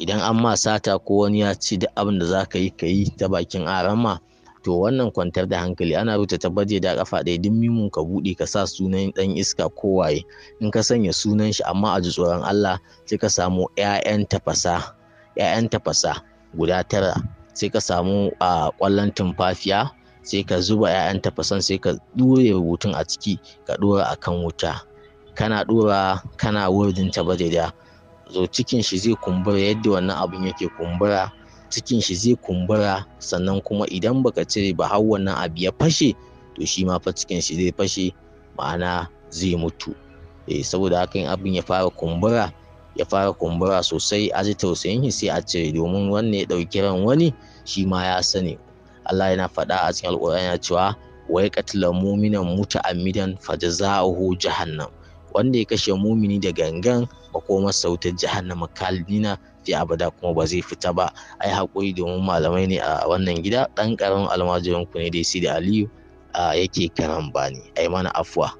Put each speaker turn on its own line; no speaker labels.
idan an ma sata ko wani ya ci duk abin da za ka yi ka yi ta bakin arama to wannan kwantar da hankali ana rubuta tabbaje da kafa ɗaya duk mimun ka buɗe ka sa sunan ɗan iska ko waye, in ka sanya sunan shi amma a ji tsoron Allah sai ka samu 'ya'yan tafasa 'ya'yan tafasa guda tara sai ka samu a ƙwallon tumfafiya sai ka zuba 'ya'yan tafasan sai ka ɗure rubutun a ciki ka ɗora akan wuta kana ɗora kana wurdin tabbaje da zo cikin shi zai kumbura yadda wannan abin yake kumbura cikin shi zai kumbura sannan kuma idan baka cire ba har wannan abu ya fashe to shi ma fa cikin shi zai fashe ma'ana zai mutu eh saboda haka in abin ya fara kumbura ya fara kumbura sosai a ji tausayin shi sai a cire domin wanne ya ɗauki ran wani shi ma ya sani Allah yana faɗa a cikin alƙur'ani cewa wa qatala mu'minan muta'ammidan fajaza'uhu jahannam wanda ya kashe mumini da gangan ba ko masa wutar jahannama kalina fi abada kuma ba zai fita ba ai haƙuri domin malamai ne a wannan gida ɗan ƙaramin almajirin ku ne dai da aliyu yake karan bani ai mana afuwa